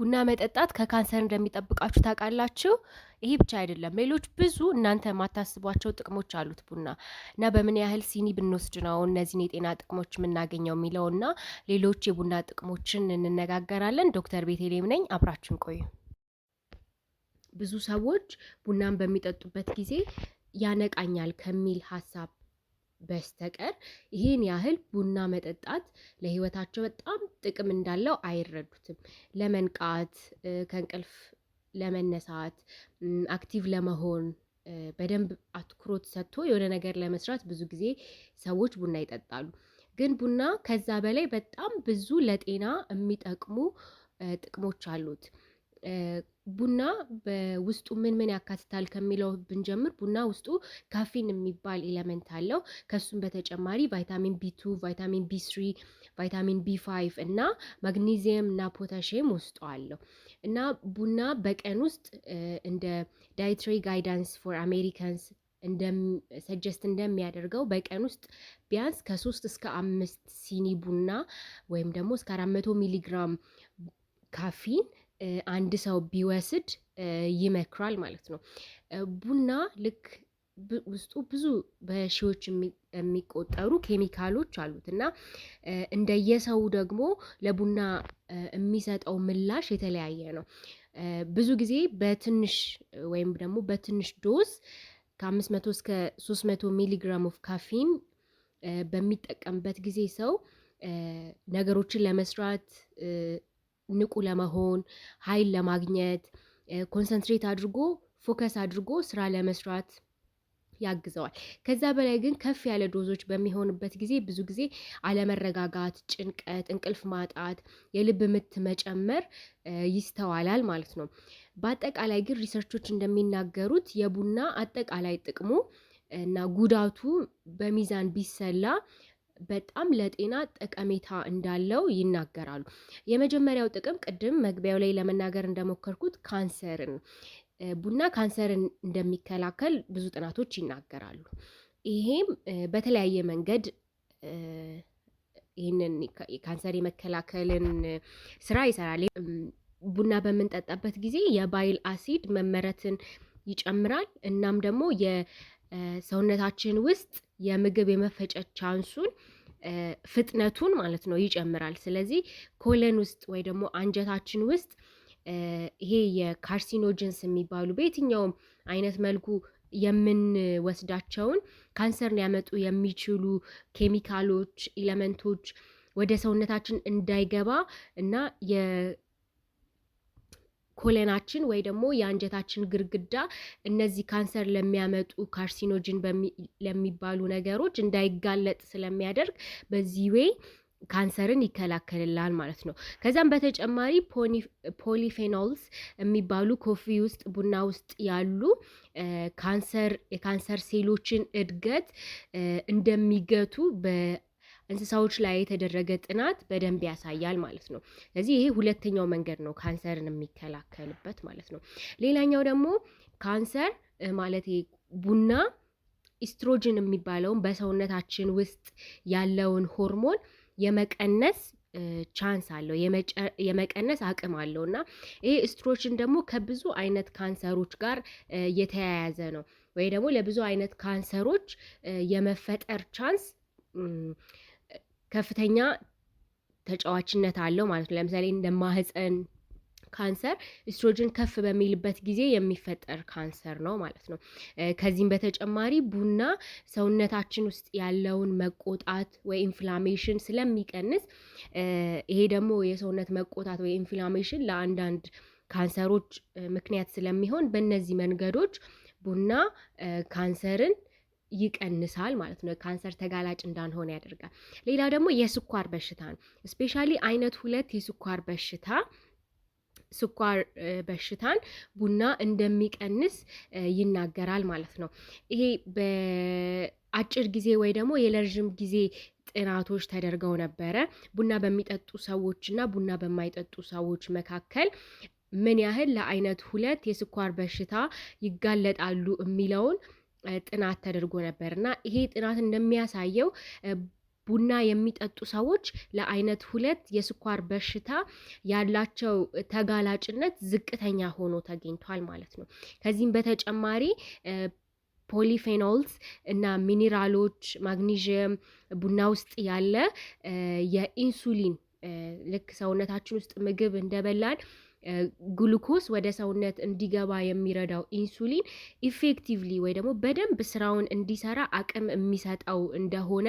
ቡና መጠጣት ከካንሰር እንደሚጠብቃችሁ ታውቃላችሁ? ይሄ ብቻ አይደለም፣ ሌሎች ብዙ እናንተ የማታስቧቸው ጥቅሞች አሉት ቡና እና በምን ያህል ሲኒ ብንወስድ ነው እነዚህን የጤና ጥቅሞች የምናገኘው የሚለው እና ሌሎች የቡና ጥቅሞችን እንነጋገራለን። ዶክተር ቤቴሌም ነኝ፣ አብራችን ቆዩ። ብዙ ሰዎች ቡናን በሚጠጡበት ጊዜ ያነቃኛል ከሚል ሀሳብ በስተቀር ይህን ያህል ቡና መጠጣት ለህይወታቸው በጣም ጥቅም እንዳለው አይረዱትም። ለመንቃት፣ ከእንቅልፍ ለመነሳት፣ አክቲቭ ለመሆን በደንብ አትኩሮት ሰጥቶ የሆነ ነገር ለመስራት ብዙ ጊዜ ሰዎች ቡና ይጠጣሉ። ግን ቡና ከዛ በላይ በጣም ብዙ ለጤና የሚጠቅሙ ጥቅሞች አሉት። ቡና በውስጡ ምን ምን ያካትታል ከሚለው ብንጀምር ቡና ውስጡ ካፊን የሚባል ኤሌመንት አለው። ከሱም በተጨማሪ ቫይታሚን ቢ2፣ ቫይታሚን ቢ ቫይታሚን ቢ5 እና ማግኒዚየም እና ፖታሽየም ውስጡ አለው እና ቡና በቀን ውስጥ እንደ ዳይትሪ ጋይዳንስ ፎር አሜሪካንስ ሰጀስት እንደሚያደርገው በቀን ውስጥ ቢያንስ ከሶስት እስከ አምስት ሲኒ ቡና ወይም ደግሞ እስከ አራት መቶ ሚሊግራም ካፊን አንድ ሰው ቢወስድ ይመክራል ማለት ነው። ቡና ልክ ውስጡ ብዙ በሺዎች የሚቆጠሩ ኬሚካሎች አሉት እና እንደየሰው ደግሞ ለቡና የሚሰጠው ምላሽ የተለያየ ነው። ብዙ ጊዜ በትንሽ ወይም ደግሞ በትንሽ ዶስ ከአምስት መቶ እስከ ሶስት መቶ ሚሊግራም ኦፍ ካፌን በሚጠቀምበት ጊዜ ሰው ነገሮችን ለመስራት ንቁ ለመሆን ኃይል ለማግኘት ኮንሰንትሬት አድርጎ ፎከስ አድርጎ ስራ ለመስራት ያግዘዋል። ከዛ በላይ ግን ከፍ ያለ ዶዞች በሚሆንበት ጊዜ ብዙ ጊዜ አለመረጋጋት፣ ጭንቀት፣ እንቅልፍ ማጣት፣ የልብ ምት መጨመር ይስተዋላል ማለት ነው። በአጠቃላይ ግን ሪሰርቾች እንደሚናገሩት የቡና አጠቃላይ ጥቅሙ እና ጉዳቱ በሚዛን ቢሰላ በጣም ለጤና ጠቀሜታ እንዳለው ይናገራሉ። የመጀመሪያው ጥቅም ቅድም መግቢያው ላይ ለመናገር እንደሞከርኩት ካንሰርን ቡና ካንሰርን እንደሚከላከል ብዙ ጥናቶች ይናገራሉ። ይሄም በተለያየ መንገድ ይህንን ካንሰር የመከላከልን ስራ ይሰራል። ቡና በምንጠጣበት ጊዜ የባይል አሲድ መመረትን ይጨምራል እናም ደግሞ ሰውነታችን ውስጥ የምግብ የመፈጨት ቻንሱን ፍጥነቱን ማለት ነው ይጨምራል። ስለዚህ ኮለን ውስጥ ወይ ደግሞ አንጀታችን ውስጥ ይሄ የካርሲኖጅንስ የሚባሉ በየትኛውም አይነት መልኩ የምንወስዳቸውን ካንሰር ሊያመጡ የሚችሉ ኬሚካሎች፣ ኢለመንቶች ወደ ሰውነታችን እንዳይገባ እና ኮለናችን ወይ ደግሞ የአንጀታችን ግርግዳ እነዚህ ካንሰር ለሚያመጡ ካርሲኖጅን ለሚባሉ ነገሮች እንዳይጋለጥ ስለሚያደርግ በዚህ ዌይ ካንሰርን ይከላከልላል ማለት ነው። ከዚያም በተጨማሪ ፖሊፌኖልስ የሚባሉ ኮፊ ውስጥ፣ ቡና ውስጥ ያሉ ካንሰር የካንሰር ሴሎችን እድገት እንደሚገቱ እንስሳዎች ላይ የተደረገ ጥናት በደንብ ያሳያል ማለት ነው። ስለዚህ ይሄ ሁለተኛው መንገድ ነው ካንሰርን የሚከላከልበት ማለት ነው። ሌላኛው ደግሞ ካንሰር ማለት ቡና ኢስትሮጅን የሚባለውን በሰውነታችን ውስጥ ያለውን ሆርሞን የመቀነስ ቻንስ አለው የመቀነስ አቅም አለው እና ይሄ ኢስትሮጅን ደግሞ ከብዙ አይነት ካንሰሮች ጋር የተያያዘ ነው ወይ ደግሞ ለብዙ አይነት ካንሰሮች የመፈጠር ቻንስ ከፍተኛ ተጫዋችነት አለው ማለት ነው። ለምሳሌ እንደ ማህፀን ካንሰር ኢስትሮጅን ከፍ በሚልበት ጊዜ የሚፈጠር ካንሰር ነው ማለት ነው። ከዚህም በተጨማሪ ቡና ሰውነታችን ውስጥ ያለውን መቆጣት ወይ ኢንፍላሜሽን ስለሚቀንስ ይሄ ደግሞ የሰውነት መቆጣት ወይ ኢንፍላሜሽን ለአንዳንድ ካንሰሮች ምክንያት ስለሚሆን በእነዚህ መንገዶች ቡና ካንሰርን ይቀንሳል ማለት ነው። ካንሰር ተጋላጭ እንዳንሆነ ያደርጋል። ሌላ ደግሞ የስኳር በሽታ ነው። ስፔሻሊ አይነት ሁለት የስኳር በሽታ ስኳር በሽታን ቡና እንደሚቀንስ ይናገራል ማለት ነው። ይሄ በአጭር ጊዜ ወይ ደግሞ የለርዥም ጊዜ ጥናቶች ተደርገው ነበረ ቡና በሚጠጡ ሰዎች እና ቡና በማይጠጡ ሰዎች መካከል ምን ያህል ለአይነት ሁለት የስኳር በሽታ ይጋለጣሉ የሚለውን ጥናት ተደርጎ ነበር እና ይሄ ጥናት እንደሚያሳየው ቡና የሚጠጡ ሰዎች ለአይነት ሁለት የስኳር በሽታ ያላቸው ተጋላጭነት ዝቅተኛ ሆኖ ተገኝቷል ማለት ነው። ከዚህም በተጨማሪ ፖሊፌኖልስ እና ሚኒራሎች፣ ማግኒዥየም ቡና ውስጥ ያለ የኢንሱሊን ልክ ሰውነታችን ውስጥ ምግብ እንደበላን ግሉኮስ ወደ ሰውነት እንዲገባ የሚረዳው ኢንሱሊን ኢፌክቲቭሊ ወይ ደግሞ በደንብ ስራውን እንዲሰራ አቅም የሚሰጠው እንደሆነ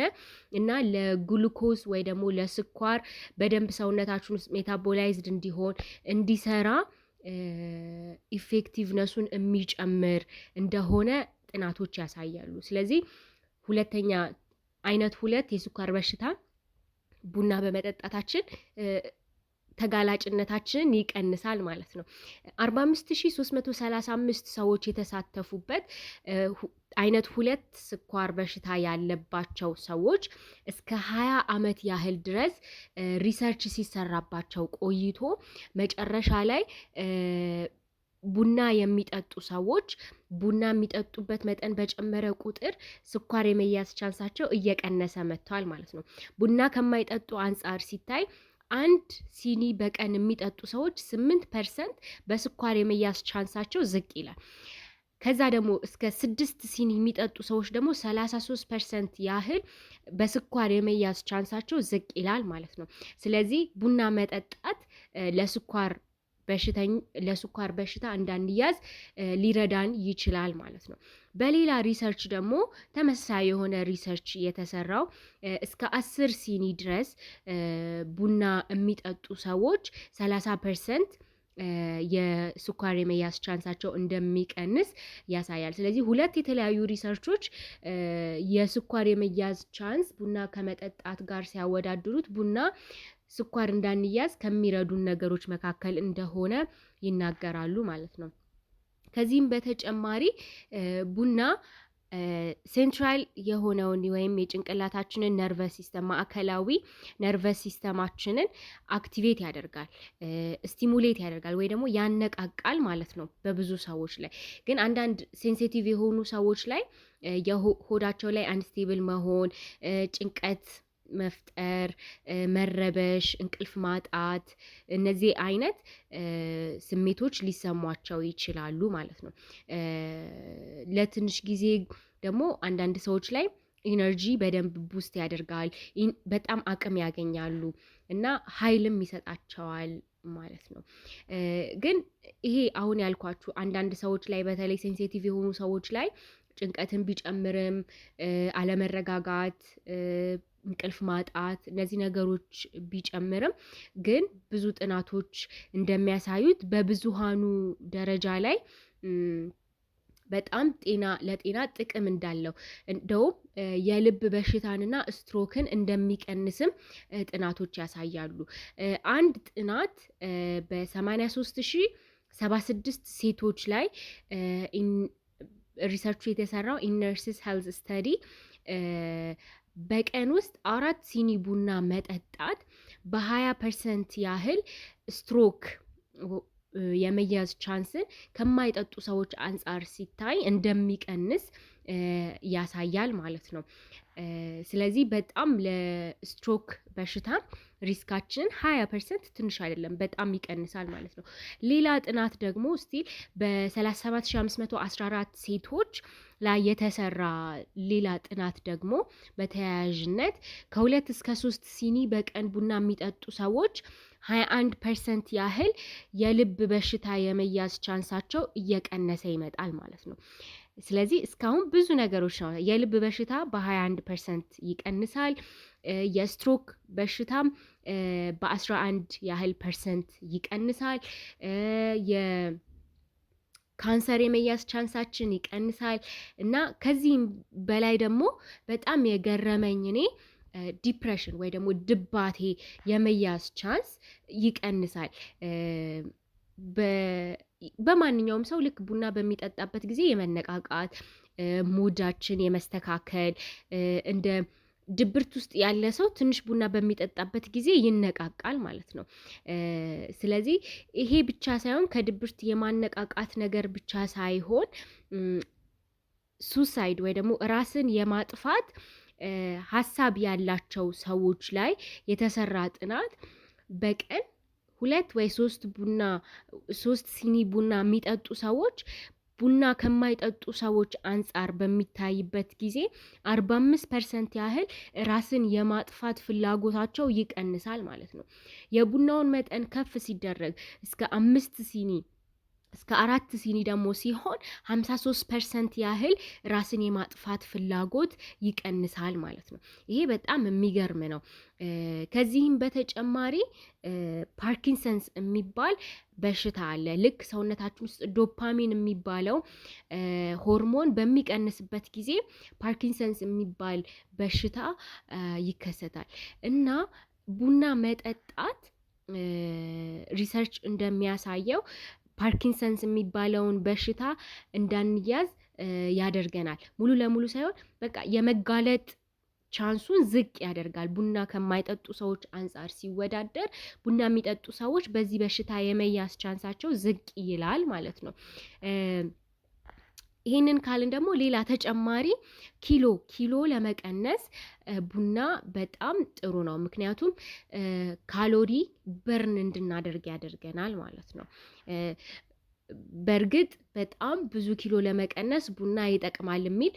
እና ለግሉኮስ ወይ ደግሞ ለስኳር በደንብ ሰውነታችን ውስጥ ሜታቦላይዝድ እንዲሆን እንዲሰራ ኢፌክቲቭነሱን የሚጨምር እንደሆነ ጥናቶች ያሳያሉ። ስለዚህ ሁለተኛ አይነት ሁለት የስኳር በሽታ ቡና በመጠጣታችን ተጋላጭነታችንን ይቀንሳል ማለት ነው። 45335 ሰዎች የተሳተፉበት አይነት ሁለት ስኳር በሽታ ያለባቸው ሰዎች እስከ 20 አመት ያህል ድረስ ሪሰርች ሲሰራባቸው ቆይቶ መጨረሻ ላይ ቡና የሚጠጡ ሰዎች ቡና የሚጠጡበት መጠን በጨመረ ቁጥር ስኳር የመያዝ ቻንሳቸው እየቀነሰ መጥቷል ማለት ነው። ቡና ከማይጠጡ አንጻር ሲታይ አንድ ሲኒ በቀን የሚጠጡ ሰዎች ስምንት ፐርሰንት በስኳር የመያዝ ቻንሳቸው ዝቅ ይላል። ከዛ ደግሞ እስከ ስድስት ሲኒ የሚጠጡ ሰዎች ደግሞ ሰላሳ ሶስት ፐርሰንት ያህል በስኳር የመያዝ ቻንሳቸው ዝቅ ይላል ማለት ነው። ስለዚህ ቡና መጠጣት ለስኳር ለስኳር በሽታ እንዳንያዝ ሊረዳን ይችላል ማለት ነው። በሌላ ሪሰርች ደግሞ ተመሳሳይ የሆነ ሪሰርች የተሰራው እስከ አስር ሲኒ ድረስ ቡና የሚጠጡ ሰዎች ሰላሳ ፐርሰንት የስኳር የመያዝ ቻንሳቸው እንደሚቀንስ ያሳያል። ስለዚህ ሁለት የተለያዩ ሪሰርቾች የስኳር የመያዝ ቻንስ ቡና ከመጠጣት ጋር ሲያወዳድሩት ቡና ስኳር እንዳንያዝ ከሚረዱን ነገሮች መካከል እንደሆነ ይናገራሉ ማለት ነው። ከዚህም በተጨማሪ ቡና ሴንትራል የሆነውን ወይም የጭንቅላታችንን ነርቨስ ሲስተም ማዕከላዊ ነርቨስ ሲስተማችንን አክቲቬት ያደርጋል፣ ስቲሙሌት ያደርጋል ወይ ደግሞ ያነቃቃል ማለት ነው። በብዙ ሰዎች ላይ ግን አንዳንድ ሴንሲቲቭ የሆኑ ሰዎች ላይ የሆዳቸው ላይ አንስቴብል መሆን ጭንቀት መፍጠር፣ መረበሽ፣ እንቅልፍ ማጣት እነዚህ አይነት ስሜቶች ሊሰሟቸው ይችላሉ ማለት ነው። ለትንሽ ጊዜ ደግሞ አንዳንድ ሰዎች ላይ ኢነርጂ በደንብ ቡስት ያደርጋል። በጣም አቅም ያገኛሉ እና ኃይልም ይሰጣቸዋል ማለት ነው። ግን ይሄ አሁን ያልኳችሁ አንዳንድ ሰዎች ላይ በተለይ ሴንሲቲቭ የሆኑ ሰዎች ላይ ጭንቀትን ቢጨምርም አለመረጋጋት እንቅልፍ ማጣት እነዚህ ነገሮች ቢጨምርም ግን ብዙ ጥናቶች እንደሚያሳዩት በብዙሃኑ ደረጃ ላይ በጣም ጤና ለጤና ጥቅም እንዳለው እንደውም የልብ በሽታንና ስትሮክን እንደሚቀንስም ጥናቶች ያሳያሉ። አንድ ጥናት በ83 ሺህ 76 ሴቶች ላይ ሪሰርቹ የተሰራው ኢነርሲስ ሄልዝ ስተዲ በቀን ውስጥ አራት ሲኒ ቡና መጠጣት በ20 ፐርሰንት ያህል ስትሮክ የመያዝ ቻንስን ከማይጠጡ ሰዎች አንጻር ሲታይ እንደሚቀንስ ያሳያል ማለት ነው። ስለዚህ በጣም ለስትሮክ በሽታ ሪስካችን ሀያ ፐርሰንት ትንሽ አይደለም፣ በጣም ይቀንሳል ማለት ነው። ሌላ ጥናት ደግሞ ስቲል በ37514 ሴቶች ላይ የተሰራ ሌላ ጥናት ደግሞ በተያያዥነት ከሁለት እስከ ሶስት ሲኒ በቀን ቡና የሚጠጡ ሰዎች አንድ ፐርሰንት ያህል የልብ በሽታ የመያዝ ቻንሳቸው እየቀነሰ ይመጣል ማለት ነው። ስለዚህ እስካሁን ብዙ ነገሮች ነው። የልብ በሽታ በ21 ፐርሰንት ይቀንሳል። የስትሮክ በሽታም በ11 ያህል ፐርሰንት ይቀንሳል። ካንሰር የመያዝ ቻንሳችን ይቀንሳል እና ከዚህም በላይ ደግሞ በጣም የገረመኝ እኔ ዲፕሬሽን ወይ ደግሞ ድባቴ የመያዝ ቻንስ ይቀንሳል። በማንኛውም ሰው ልክ ቡና በሚጠጣበት ጊዜ የመነቃቃት ሙዳችን የመስተካከል እንደ ድብርት ውስጥ ያለ ሰው ትንሽ ቡና በሚጠጣበት ጊዜ ይነቃቃል ማለት ነው። ስለዚህ ይሄ ብቻ ሳይሆን ከድብርት የማነቃቃት ነገር ብቻ ሳይሆን ሱሳይድ ወይ ደግሞ ራስን የማጥፋት ሀሳብ ያላቸው ሰዎች ላይ የተሰራ ጥናት በቀን ሁለት ወይ ሶስት ቡና ሶስት ሲኒ ቡና የሚጠጡ ሰዎች ቡና ከማይጠጡ ሰዎች አንጻር በሚታይበት ጊዜ 45 ፐርሰንት ያህል ራስን የማጥፋት ፍላጎታቸው ይቀንሳል ማለት ነው። የቡናውን መጠን ከፍ ሲደረግ እስከ አምስት ሲኒ እስከ አራት ሲኒ ደግሞ ሲሆን 53 ፐርሰንት ያህል ራስን የማጥፋት ፍላጎት ይቀንሳል ማለት ነው። ይሄ በጣም የሚገርም ነው። ከዚህም በተጨማሪ ፓርኪንሰንስ የሚባል በሽታ አለ። ልክ ሰውነታችን ውስጥ ዶፓሚን የሚባለው ሆርሞን በሚቀንስበት ጊዜ ፓርኪንሰንስ የሚባል በሽታ ይከሰታል እና ቡና መጠጣት ሪሰርች እንደሚያሳየው ፓርኪንሰንስ የሚባለውን በሽታ እንዳንያዝ ያደርገናል። ሙሉ ለሙሉ ሳይሆን በቃ የመጋለጥ ቻንሱን ዝቅ ያደርጋል። ቡና ከማይጠጡ ሰዎች አንጻር ሲወዳደር ቡና የሚጠጡ ሰዎች በዚህ በሽታ የመያዝ ቻንሳቸው ዝቅ ይላል ማለት ነው። ይህንን ካልን ደግሞ ሌላ ተጨማሪ ኪሎ ኪሎ ለመቀነስ ቡና በጣም ጥሩ ነው። ምክንያቱም ካሎሪ በርን እንድናደርግ ያደርገናል ማለት ነው። በእርግጥ በጣም ብዙ ኪሎ ለመቀነስ ቡና ይጠቅማል የሚል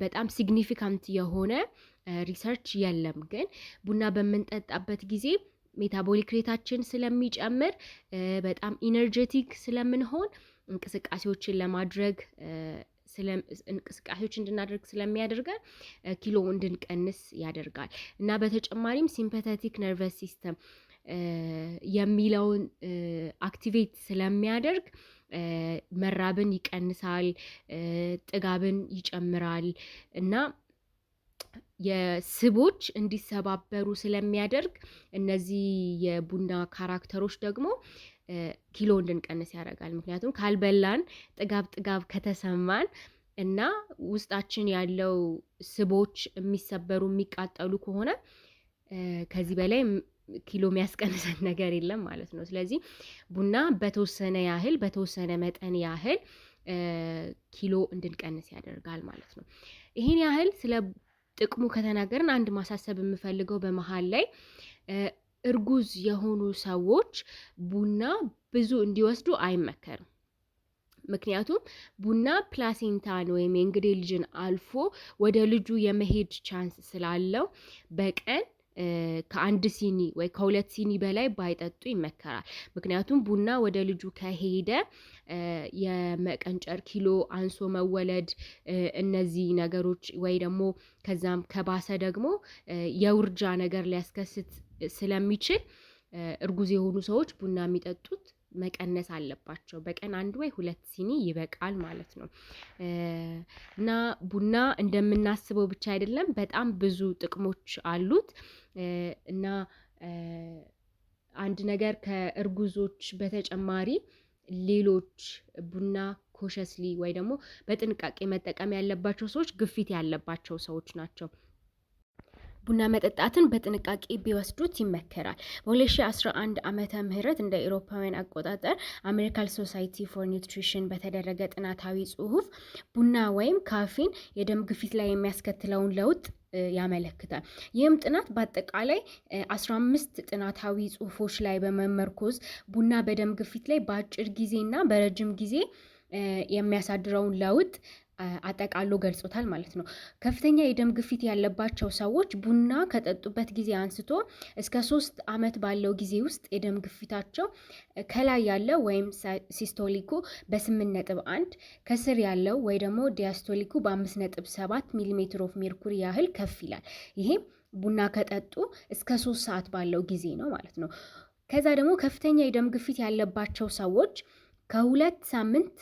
በጣም ሲግኒፊካንት የሆነ ሪሰርች የለም። ግን ቡና በምንጠጣበት ጊዜ ሜታቦሊክ ሬታችን ስለሚጨምር በጣም ኢነርጀቲክ ስለምንሆን እንቅስቃሴዎችን ለማድረግ እንቅስቃሴዎች እንድናደርግ ስለሚያደርገን ኪሎ እንድንቀንስ ያደርጋል እና በተጨማሪም ሲምፐተቲክ ነርቨስ ሲስተም የሚለውን አክቲቬት ስለሚያደርግ መራብን ይቀንሳል፣ ጥጋብን ይጨምራል እና የስቦች እንዲሰባበሩ ስለሚያደርግ እነዚህ የቡና ካራክተሮች ደግሞ ኪሎ እንድንቀንስ ያደርጋል። ምክንያቱም ካልበላን ጥጋብ ጥጋብ ከተሰማን እና ውስጣችን ያለው ስቦች የሚሰበሩ የሚቃጠሉ ከሆነ ከዚህ በላይ ኪሎ የሚያስቀንሰን ነገር የለም ማለት ነው። ስለዚህ ቡና በተወሰነ ያህል በተወሰነ መጠን ያህል ኪሎ እንድንቀንስ ያደርጋል ማለት ነው። ይህን ያህል ስለ ጥቅሙ ከተናገርን አንድ ማሳሰብ የምፈልገው በመሀል ላይ እርጉዝ የሆኑ ሰዎች ቡና ብዙ እንዲወስዱ አይመከርም። ምክንያቱም ቡና ፕላሴንታን ወይም የእንግዴ ልጅን አልፎ ወደ ልጁ የመሄድ ቻንስ ስላለው በቀን ከአንድ ሲኒ ወይ ከሁለት ሲኒ በላይ ባይጠጡ ይመከራል። ምክንያቱም ቡና ወደ ልጁ ከሄደ የመቀንጨር ኪሎ፣ አንሶ መወለድ እነዚህ ነገሮች ወይ ደግሞ ከዛም ከባሰ ደግሞ የውርጃ ነገር ሊያስከስት ስለሚችል እርጉዝ የሆኑ ሰዎች ቡና የሚጠጡት መቀነስ አለባቸው። በቀን አንድ ወይ ሁለት ሲኒ ይበቃል ማለት ነው። እና ቡና እንደምናስበው ብቻ አይደለም፣ በጣም ብዙ ጥቅሞች አሉት እና አንድ ነገር ከእርጉዞች በተጨማሪ ሌሎች ቡና ኮሸስሊ ወይ ደግሞ በጥንቃቄ መጠቀም ያለባቸው ሰዎች ግፊት ያለባቸው ሰዎች ናቸው። ቡና መጠጣትን በጥንቃቄ ቢወስዱት ይመከራል። በ2011 ዓመተ ምህረት እንደ ኤሮፓውያን አቆጣጠር አሜሪካል ሶሳይቲ ፎር ኒውትሪሽን በተደረገ ጥናታዊ ጽሁፍ ቡና ወይም ካፊን የደም ግፊት ላይ የሚያስከትለውን ለውጥ ያመለክታል። ይህም ጥናት በአጠቃላይ 15 ጥናታዊ ጽሁፎች ላይ በመመርኮዝ ቡና በደም ግፊት ላይ በአጭር ጊዜና በረጅም ጊዜ የሚያሳድረውን ለውጥ አጠቃሎ ገልጾታል ማለት ነው። ከፍተኛ የደም ግፊት ያለባቸው ሰዎች ቡና ከጠጡበት ጊዜ አንስቶ እስከ ሶስት ዓመት ባለው ጊዜ ውስጥ የደም ግፊታቸው ከላይ ያለው ወይም ሲስቶሊኩ በስምንት ነጥብ አንድ ከስር ያለው ወይ ደግሞ ዲያስቶሊኩ በአምስት ነጥብ ሰባት ሚሊሜትር ኦፍ ሜርኩሪ ያህል ከፍ ይላል። ይሄ ቡና ከጠጡ እስከ ሶስት ሰዓት ባለው ጊዜ ነው ማለት ነው። ከዛ ደግሞ ከፍተኛ የደም ግፊት ያለባቸው ሰዎች ከሁለት ሳምንት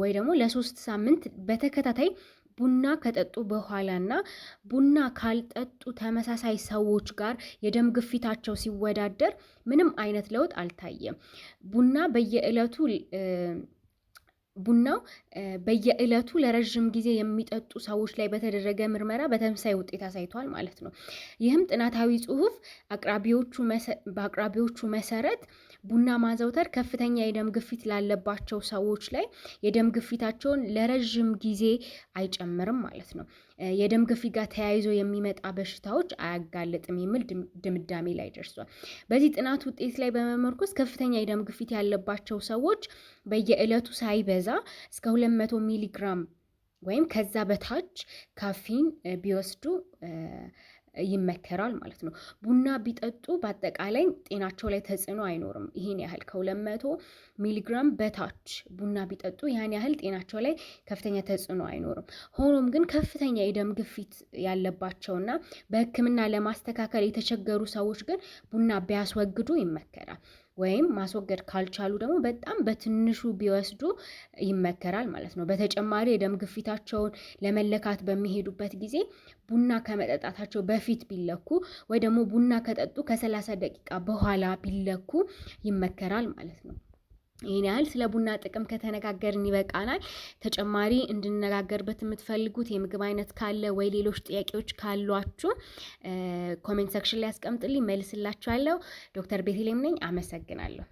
ወይ ደግሞ ለሶስት ሳምንት በተከታታይ ቡና ከጠጡ በኋላና ቡና ካልጠጡ ተመሳሳይ ሰዎች ጋር የደም ግፊታቸው ሲወዳደር ምንም አይነት ለውጥ አልታየም። ቡና በየእለቱ ቡናው በየእለቱ ለረዥም ጊዜ የሚጠጡ ሰዎች ላይ በተደረገ ምርመራ በተመሳሳይ ውጤት አሳይቷል ማለት ነው። ይህም ጥናታዊ ጽሑፍ በአቅራቢዎቹ መሰረት ቡና ማዘውተር ከፍተኛ የደም ግፊት ላለባቸው ሰዎች ላይ የደም ግፊታቸውን ለረዥም ጊዜ አይጨምርም ማለት ነው። የደም ግፊት ጋር ተያይዞ የሚመጣ በሽታዎች አያጋልጥም የሚል ድምዳሜ ላይ ደርሷል። በዚህ ጥናት ውጤት ላይ በመመርኮዝ ከፍተኛ የደም ግፊት ያለባቸው ሰዎች በየዕለቱ ሳይበዛ እስከ 200 ሚሊግራም ወይም ከዛ በታች ካፊን ቢወስዱ ይመከራል ማለት ነው። ቡና ቢጠጡ በአጠቃላይ ጤናቸው ላይ ተጽዕኖ አይኖርም። ይሄን ያህል ከሁለት መቶ ሚሊግራም በታች ቡና ቢጠጡ ያን ያህል ጤናቸው ላይ ከፍተኛ ተጽዕኖ አይኖርም። ሆኖም ግን ከፍተኛ የደም ግፊት ያለባቸውና በሕክምና ለማስተካከል የተቸገሩ ሰዎች ግን ቡና ቢያስወግዱ ይመከራል። ወይም ማስወገድ ካልቻሉ ደግሞ በጣም በትንሹ ቢወስዱ ይመከራል ማለት ነው። በተጨማሪ የደም ግፊታቸውን ለመለካት በሚሄዱበት ጊዜ ቡና ከመጠጣታቸው በፊት ቢለኩ ወይ ደግሞ ቡና ከጠጡ ከሰላሳ ደቂቃ በኋላ ቢለኩ ይመከራል ማለት ነው። ይህን ያህል ስለ ቡና ጥቅም ከተነጋገርን ይበቃናል። ተጨማሪ እንድነጋገርበት የምትፈልጉት የምግብ አይነት ካለ ወይ ሌሎች ጥያቄዎች ካሏችሁ ኮሜንት ሰክሽን ላይ ያስቀምጥልኝ፣ መልስላችኋለሁ። ዶክተር ቤቴሌም ነኝ። አመሰግናለሁ።